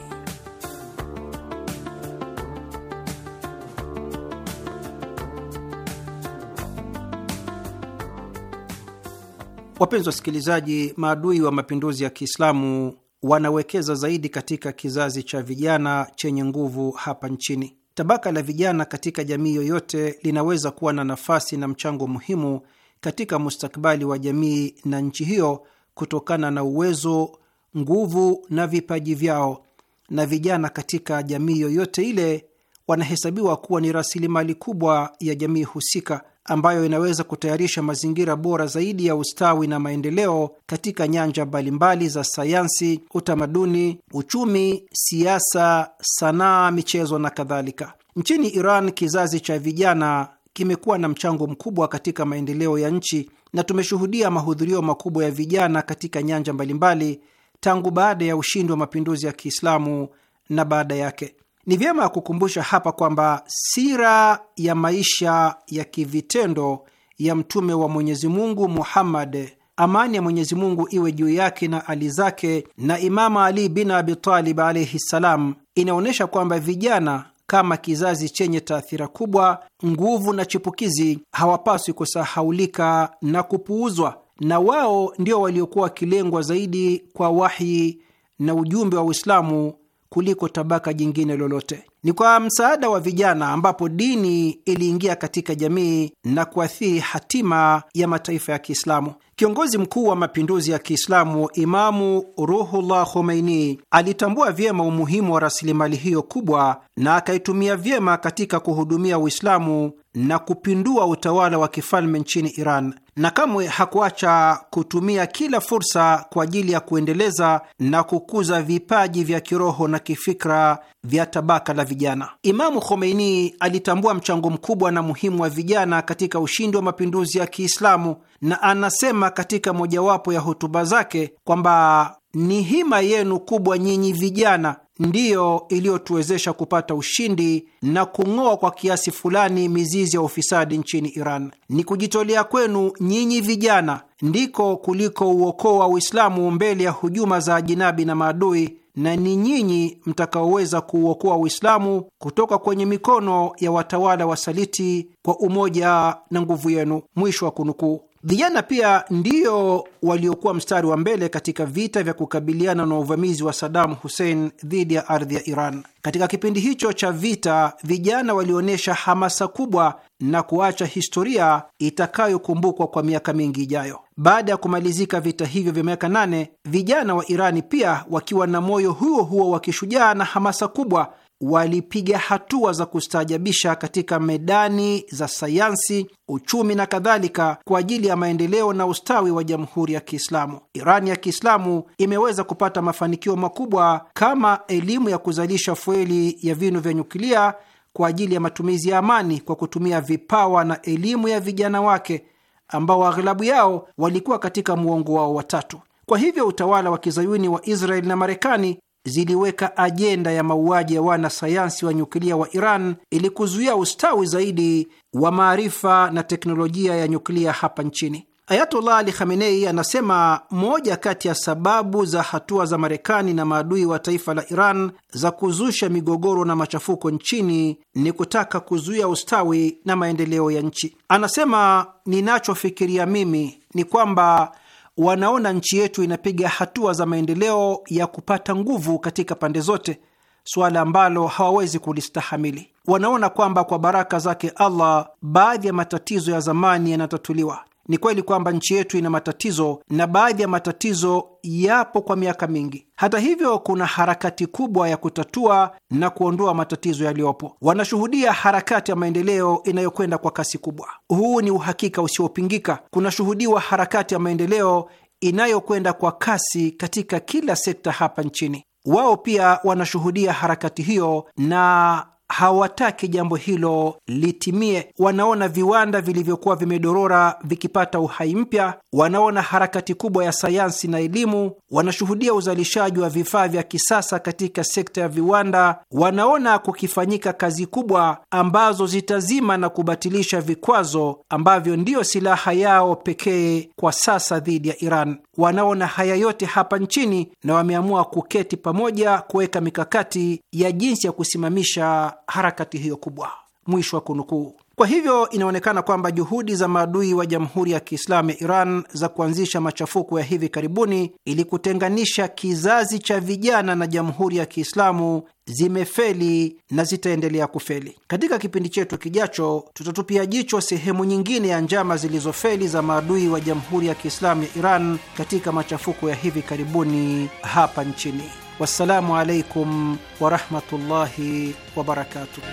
Wapenzi wasikilizaji, maadui wa mapinduzi ya Kiislamu wanawekeza zaidi katika kizazi cha vijana chenye nguvu hapa nchini. Tabaka la vijana katika jamii yoyote linaweza kuwa na nafasi na mchango muhimu katika mustakabali wa jamii na nchi hiyo kutokana na uwezo, nguvu na vipaji vyao, na vijana katika jamii yoyote ile wanahesabiwa kuwa ni rasilimali kubwa ya jamii husika ambayo inaweza kutayarisha mazingira bora zaidi ya ustawi na maendeleo katika nyanja mbalimbali za sayansi, utamaduni, uchumi, siasa, sanaa, michezo na kadhalika. Nchini Iran, kizazi cha vijana kimekuwa na mchango mkubwa katika maendeleo ya nchi na tumeshuhudia mahudhurio makubwa ya vijana katika nyanja mbalimbali tangu baada ya ushindi wa mapinduzi ya Kiislamu na baada yake. Ni vyema kukumbusha hapa kwamba sira ya maisha ya kivitendo ya mtume wa Mwenyezi Mungu Muhammad, amani ya Mwenyezi Mungu iwe juu yake na ali zake, na Imama Ali bin Abi Talib alaihi ssalam, inaonyesha kwamba vijana kama kizazi chenye taathira kubwa, nguvu na chipukizi hawapaswi kusahaulika na kupuuzwa, na wao ndio waliokuwa wakilengwa zaidi kwa wahi na ujumbe wa Uislamu kuliko tabaka jingine lolote. Ni kwa msaada wa vijana ambapo dini iliingia katika jamii na kuathiri hatima ya mataifa ya Kiislamu. Kiongozi mkuu wa mapinduzi ya Kiislamu Imamu Ruhullah Khomeini alitambua vyema umuhimu wa rasilimali hiyo kubwa na akaitumia vyema katika kuhudumia Uislamu na kupindua utawala wa kifalme nchini Iran na kamwe hakuacha kutumia kila fursa kwa ajili ya kuendeleza na kukuza vipaji vya kiroho na kifikra vya tabaka la vijana. Imamu Khomeini alitambua mchango mkubwa na muhimu wa vijana katika ushindi wa mapinduzi ya Kiislamu, na anasema katika mojawapo ya hotuba zake kwamba ni hima yenu kubwa nyinyi vijana ndiyo iliyotuwezesha kupata ushindi na kung'oa kwa kiasi fulani mizizi ya ufisadi nchini Iran. Ni kujitolea kwenu nyinyi vijana ndiko kuliko uokoo wa Uislamu mbele ya hujuma za ajinabi na maadui, na ni nyinyi mtakaoweza kuuokoa Uislamu kutoka kwenye mikono ya watawala wasaliti kwa umoja na nguvu yenu. Mwisho wa kunukuu. Vijana pia ndiyo waliokuwa mstari wa mbele katika vita vya kukabiliana na uvamizi wa Saddam Hussein dhidi ya ardhi ya Iran. Katika kipindi hicho cha vita, vijana walionyesha hamasa kubwa na kuacha historia itakayokumbukwa kwa miaka mingi ijayo. Baada ya kumalizika vita hivyo vya miaka nane, vijana wa Irani pia wakiwa na moyo huo huo wa kishujaa na hamasa kubwa walipiga hatua za kustaajabisha katika medani za sayansi, uchumi na kadhalika kwa ajili ya maendeleo na ustawi wa jamhuri ya Kiislamu. Irani ya Kiislamu imeweza kupata mafanikio makubwa kama elimu ya kuzalisha fueli ya vinu vya nyukilia kwa ajili ya matumizi ya amani kwa kutumia vipawa na elimu ya vijana wake ambao aghlabu yao walikuwa katika muongo wao watatu. Kwa hivyo utawala wa kizayuni wa Israeli na Marekani ziliweka ajenda ya mauaji ya wanasayansi wa nyuklia wa Iran ili kuzuia ustawi zaidi wa maarifa na teknolojia ya nyuklia hapa nchini. Ayatollah Ali Khamenei anasema moja kati ya sababu za hatua za Marekani na maadui wa taifa la Iran za kuzusha migogoro na machafuko nchini ni kutaka kuzuia ustawi na maendeleo ya nchi. Anasema, ninachofikiria mimi ni kwamba wanaona nchi yetu inapiga hatua za maendeleo ya kupata nguvu katika pande zote, suala ambalo hawawezi kulistahamili. Wanaona kwamba kwa baraka zake Allah baadhi ya matatizo ya zamani yanatatuliwa ni kweli kwamba nchi yetu ina matatizo na baadhi ya matatizo yapo kwa miaka mingi. Hata hivyo, kuna harakati kubwa ya kutatua na kuondoa matatizo yaliyopo. Wanashuhudia harakati ya maendeleo inayokwenda kwa kasi kubwa. Huu ni uhakika usiopingika. Kunashuhudiwa harakati ya maendeleo inayokwenda kwa kasi katika kila sekta hapa nchini. Wao pia wanashuhudia harakati hiyo na hawataki jambo hilo litimie. Wanaona viwanda vilivyokuwa vimedorora vikipata uhai mpya, wanaona harakati kubwa ya sayansi na elimu, wanashuhudia uzalishaji wa vifaa vya kisasa katika sekta ya viwanda, wanaona kukifanyika kazi kubwa ambazo zitazima na kubatilisha vikwazo ambavyo ndiyo silaha yao pekee kwa sasa dhidi ya Iran wanaona haya yote hapa nchini na wameamua kuketi pamoja kuweka mikakati ya jinsi ya kusimamisha harakati hiyo kubwa. Mwisho wa kunukuu. Kwa hivyo inaonekana kwamba juhudi za maadui wa Jamhuri ya Kiislamu ya Iran za kuanzisha machafuko ya hivi karibuni ili kutenganisha kizazi cha vijana na Jamhuri ya Kiislamu zimefeli na zitaendelea kufeli. Katika kipindi chetu kijacho, tutatupia jicho sehemu nyingine ya njama zilizofeli za maadui wa Jamhuri ya Kiislamu ya Iran katika machafuko ya hivi karibuni hapa nchini. Wassalamu alaikum warahmatullahi wabarakatuh.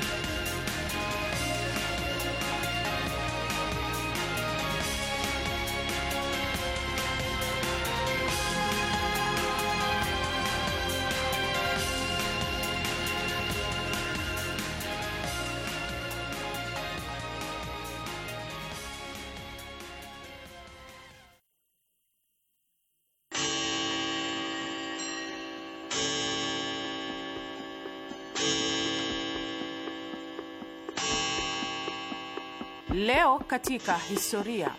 Leo katika historia.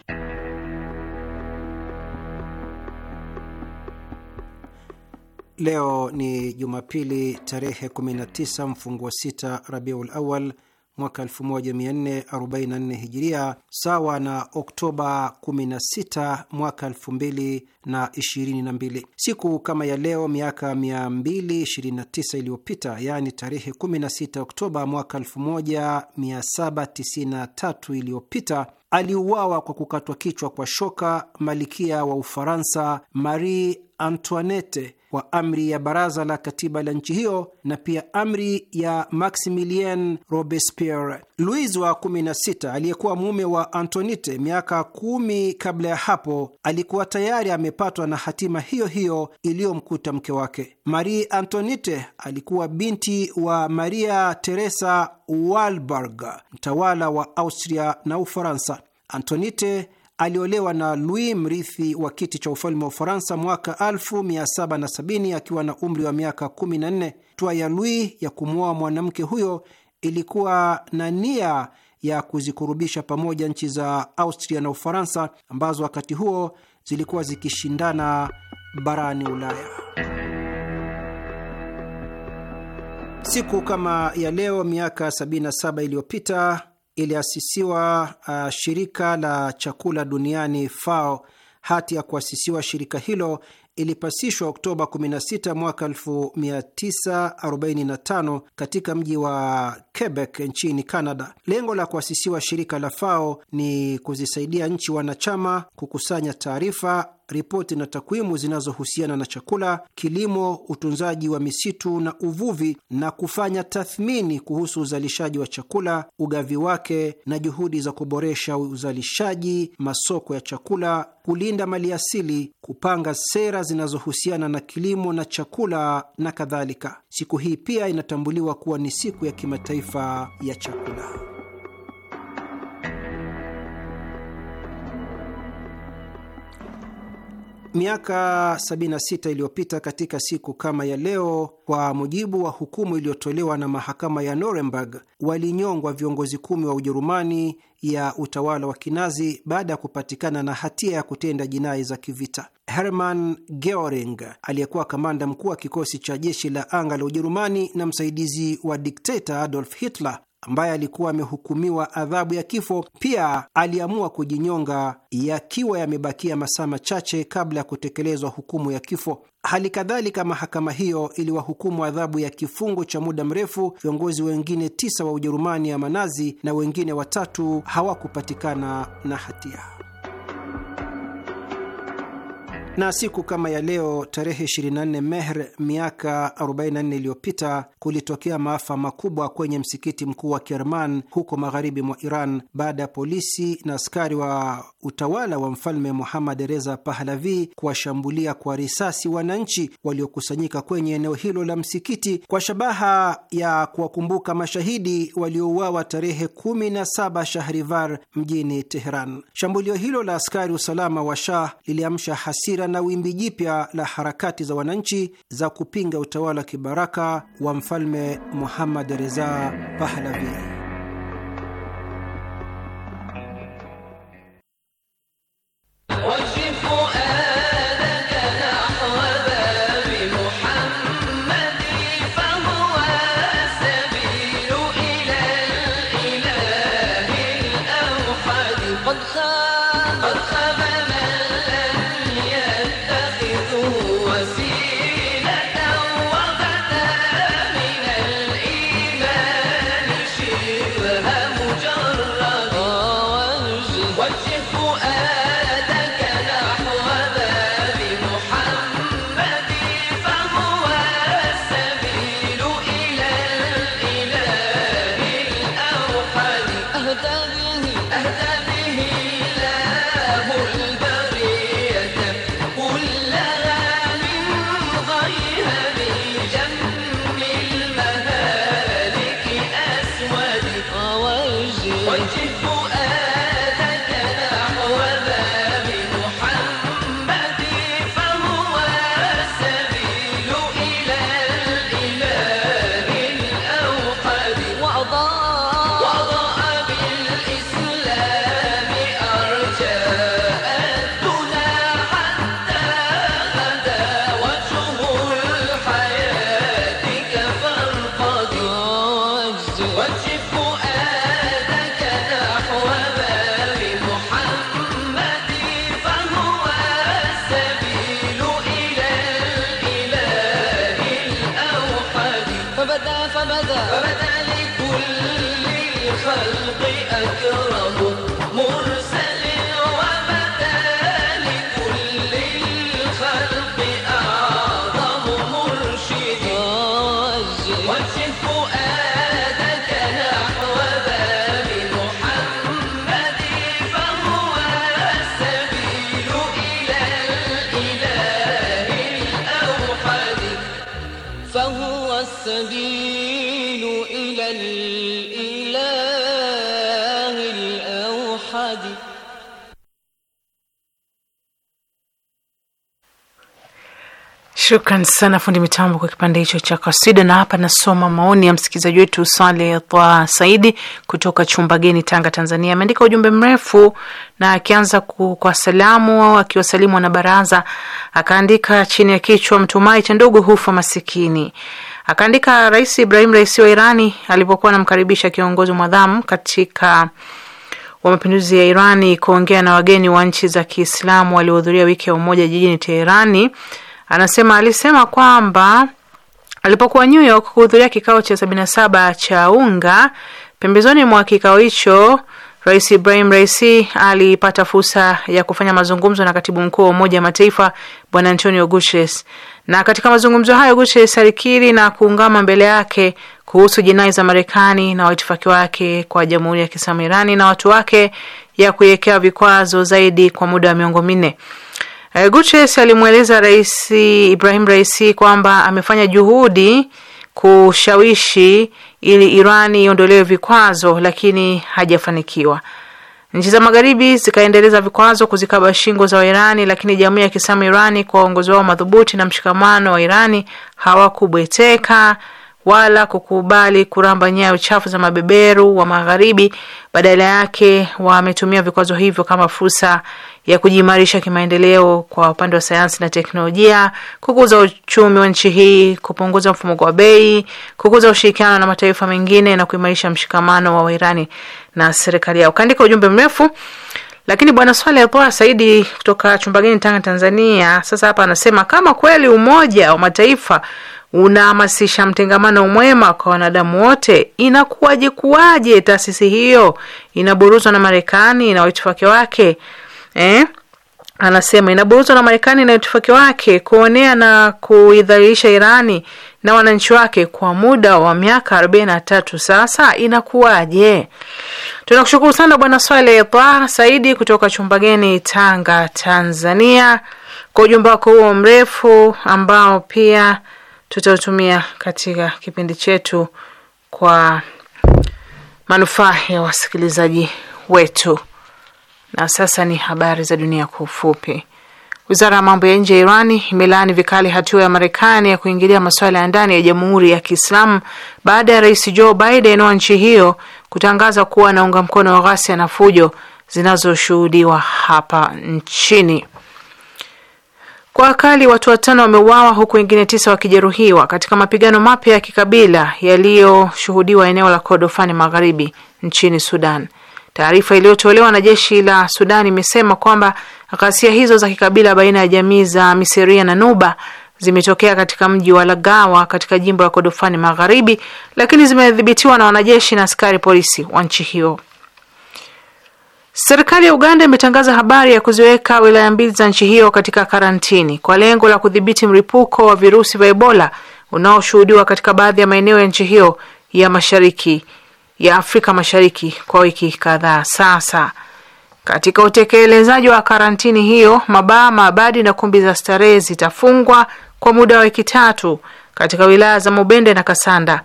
Leo ni Jumapili tarehe 19 mfunguo 6 Rabiul Awal mwaka 1444 hijiria sawa na Oktoba 16 mwaka 2022. Siku kama ya leo miaka 229 iliyopita, yaani tarehe 16 Oktoba mwaka 1793 iliyopita aliuawa kwa kukatwa kichwa kwa shoka malikia wa Ufaransa Marie Antoinette wa amri ya baraza la katiba la nchi hiyo na pia amri ya Maximilien Robespierre. Louis wa 16 aliyekuwa mume wa Antonite miaka kumi kabla ya hapo alikuwa tayari amepatwa na hatima hiyo hiyo iliyomkuta mke wake. Marie Antonite alikuwa binti wa Maria Teresa Walberg, mtawala wa Austria na Ufaransa. Antonite aliolewa na Louis, mrithi wa kiti cha ufalme wa Ufaransa mwaka 1770 akiwa na umri wa miaka 14. Hatua ya Louis ya kumwoa mwanamke huyo ilikuwa na nia ya kuzikurubisha pamoja nchi za Austria na Ufaransa ambazo wakati huo zilikuwa zikishindana barani Ulaya. Siku kama ya leo miaka 77 iliyopita iliasisiwa uh, shirika la chakula duniani FAO. Hati ya kuasisiwa shirika hilo ilipasishwa Oktoba 16 mwaka 1945 katika mji wa Quebec nchini Canada. Lengo la kuasisiwa shirika la FAO ni kuzisaidia nchi wanachama kukusanya taarifa ripoti na takwimu zinazohusiana na chakula, kilimo, utunzaji wa misitu na uvuvi, na kufanya tathmini kuhusu uzalishaji wa chakula, ugavi wake, na juhudi za kuboresha uzalishaji, masoko ya chakula, kulinda maliasili, kupanga sera zinazohusiana na kilimo na chakula na kadhalika. Siku hii pia inatambuliwa kuwa ni siku ya kimataifa ya chakula. Miaka 76 iliyopita katika siku kama ya leo, kwa mujibu wa hukumu iliyotolewa na mahakama ya Nuremberg, walinyongwa viongozi kumi wa Ujerumani ya utawala wa Kinazi baada ya kupatikana na hatia ya kutenda jinai za kivita. Hermann Goering aliyekuwa kamanda mkuu wa kikosi cha jeshi la anga la Ujerumani na msaidizi wa dikteta Adolf Hitler ambaye alikuwa amehukumiwa adhabu ya kifo, pia aliamua kujinyonga yakiwa yamebakia masaa machache kabla ya kutekelezwa hukumu ya kifo. Hali kadhalika mahakama hiyo iliwahukumu adhabu ya kifungo cha muda mrefu viongozi wengine tisa wa Ujerumani ya Manazi, na wengine watatu hawakupatikana na hatia. Na siku kama ya leo tarehe 24 Mehr miaka 44 iliyopita kulitokea maafa makubwa kwenye msikiti mkuu wa Kerman huko magharibi mwa Iran baada ya polisi na askari wa utawala wa mfalme Muhammad Reza Pahlavi kuwashambulia kwa risasi wananchi waliokusanyika kwenye eneo hilo la msikiti kwa shabaha ya kuwakumbuka mashahidi waliouawa tarehe 17 Shahrivar mjini Teheran. Shambulio hilo la askari usalama wa Shah liliamsha hasira pamoja na wimbi jipya la harakati za wananchi za kupinga utawala wa kibaraka wa mfalme Muhammad Reza Pahlavi. Shukran sana fundi mitambo kwa kipande hicho cha kasida, na hapa nasoma maoni ya msikilizaji wetu Saleh Twa Saidi kutoka chumba geni, Tanga, Tanzania. Ameandika ujumbe mrefu na akianza kwa salamu, akiwasalimu na baraza, akaandika chini ya kichwa mtumai cha ndugu hufa masikini akaandika Rais Ibrahim Raisi wa Irani alipokuwa anamkaribisha kiongozi mwadhamu katika wa mapinduzi ya Irani kuongea na wageni wa nchi za Kiislamu waliohudhuria wiki ya umoja jijini Teherani anasema alisema kwamba alipokuwa New York kuhudhuria kikao cha 77 cha UNGA. Pembezoni mwa kikao hicho, Rais Ibrahim Raisi alipata fursa ya kufanya mazungumzo na katibu mkuu wa Umoja wa Mataifa Bwana Antonio Guterres, na katika mazungumzo hayo Guterres alikiri na kuungama mbele yake kuhusu jinai za Marekani na waitifaki wake kwa Jamhuri ya Kiislamu Irani na watu wake ya kuiwekea vikwazo zaidi kwa muda wa miongo minne. Eh, Guterres alimweleza Rais Ibrahim Raisi kwamba amefanya juhudi kushawishi ili Iran iondolewe vikwazo lakini hajafanikiwa. Nchi za magharibi zikaendeleza vikwazo kuzikaba shingo za Wairani, lakini jamii ya Kiislamu Irani kwa uongozi wao madhubuti na mshikamano wa Irani hawakubweteka wala kukubali kuramba nyayo chafu za mabeberu wa Magharibi. Badala yake wametumia vikwazo hivyo kama fursa ya kujiimarisha kimaendeleo kwa upande wa sayansi na teknolojia, kukuza uchumi wa nchi hii, kupunguza mfumuko wa bei, kukuza ushirikiano na mataifa mengine na kuimarisha mshikamano wa Wairani na serikali yao. Kaandika ujumbe mrefu lakini bwana Swale Poa Saidi kutoka Chumbageni, Tanga, Tanzania, sasa hapa anasema kama kweli Umoja wa Mataifa unahamasisha mtengamano mwema kwa wanadamu wote. Inakuwaje kuwaje taasisi hiyo inaburuzwa na Marekani na waitifaki wake eh? Anasema inaburuzwa na Marekani na waitifaki wake kuonea na kuidhalilisha Irani na wananchi wake kwa muda wa miaka arobaini na tatu sasa, inakuwaje? Tunakushukuru sana Bwana Swale Taha Saidi kutoka Chumbageni, Tanga, Tanzania, kwa ujumbe wako huo mrefu ambao pia tutatumia katika kipindi chetu kwa manufaa ya wasikilizaji wetu. Na sasa ni habari za dunia kwa ufupi. Wizara ya mambo ya nje ya Irani imelaani vikali hatua ya Marekani ya kuingilia masuala ya ndani ya Jamhuri ya Kiislamu baada ya Rais Joe Biden wa nchi hiyo kutangaza kuwa anaunga mkono wa ghasia na fujo zinazoshuhudiwa hapa nchini. Kwa akali watu watano wameuawa huku wengine tisa wakijeruhiwa katika mapigano mapya ya kikabila yaliyoshuhudiwa eneo la Kordofani Magharibi nchini Sudan. Taarifa iliyotolewa na jeshi la Sudan imesema kwamba ghasia hizo za kikabila baina ya jamii za miseria na Nuba zimetokea katika mji wa Lagawa katika jimbo la Kordofani Magharibi, lakini zimedhibitiwa na wanajeshi na askari polisi wa nchi hiyo. Serikali ya Uganda imetangaza habari ya kuziweka wilaya mbili za nchi hiyo katika karantini kwa lengo la kudhibiti mlipuko wa virusi vya Ebola unaoshuhudiwa katika baadhi ya maeneo ya nchi hiyo ya mashariki ya Afrika Mashariki kwa wiki kadhaa sasa. Katika utekelezaji wa karantini hiyo, mabaa, maabadi na kumbi za starehe zitafungwa kwa muda wa wiki tatu katika wilaya za Mubende na Kasanda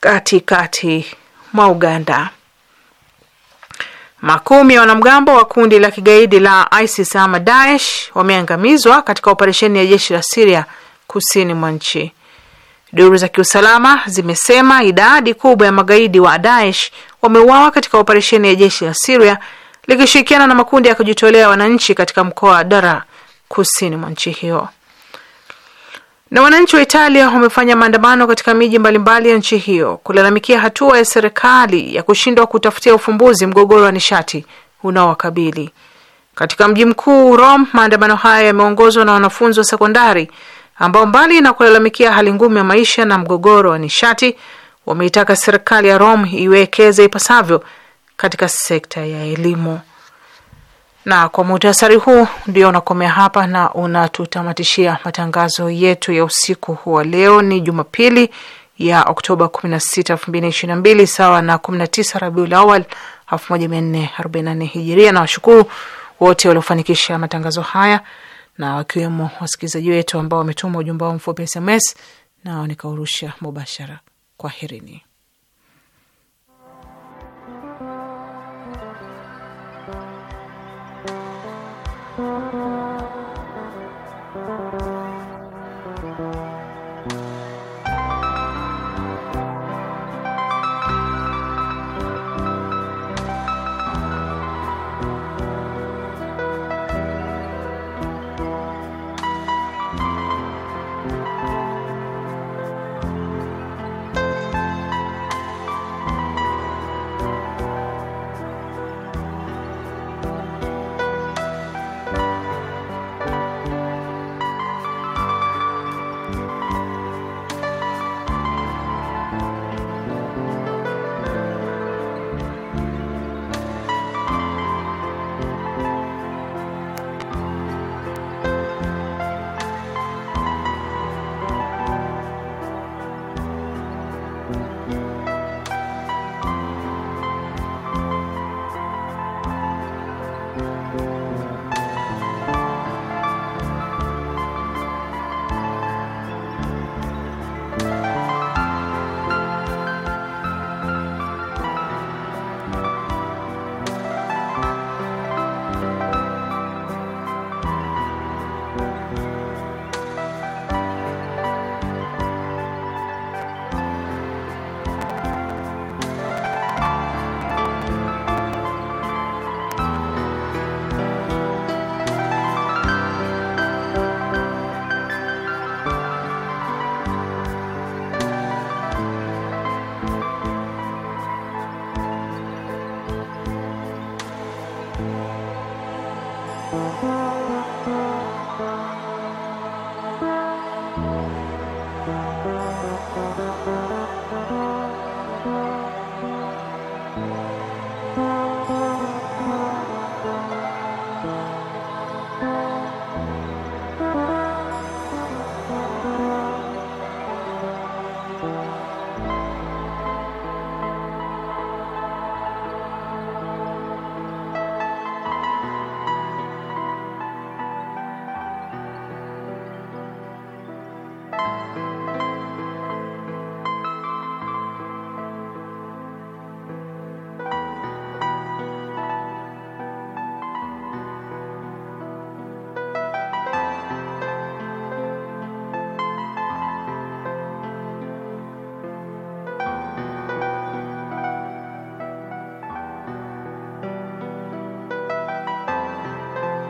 katikati mwa Uganda. Makumi ya wanamgambo wa kundi la kigaidi la ISIS ama Daesh wameangamizwa katika operesheni ya jeshi la Siria kusini mwa nchi. Duru za kiusalama zimesema idadi kubwa ya magaidi wa Daesh wameuawa katika operesheni ya jeshi la Siria likishirikiana na makundi ya kujitolea wananchi katika mkoa wa Dara kusini mwa nchi hiyo. Na wananchi wa Italia wamefanya maandamano katika miji mbalimbali ya nchi hiyo kulalamikia hatua ya serikali ya kushindwa kutafutia ufumbuzi mgogoro wa nishati unaowakabili. Katika mji mkuu Rome, maandamano haya yameongozwa na wanafunzi wa sekondari ambao mbali na kulalamikia hali ngumu ya maisha na mgogoro wa nishati, wameitaka serikali ya Rome iwekeze ipasavyo katika sekta ya elimu. Na kwa muhtasari huu ndio unakomea hapa na unatutamatishia matangazo yetu ya usiku wa leo. Ni Jumapili ya Oktoba 16, 2022 sawa na 19 Rabiul Awal 1444 Hijiria. Na washukuru wote waliofanikisha matangazo haya na wakiwemo wasikilizaji wetu ambao wametuma ujumbe wao mfupi SMS, nao nikaurusha mubashara. Kwaherini.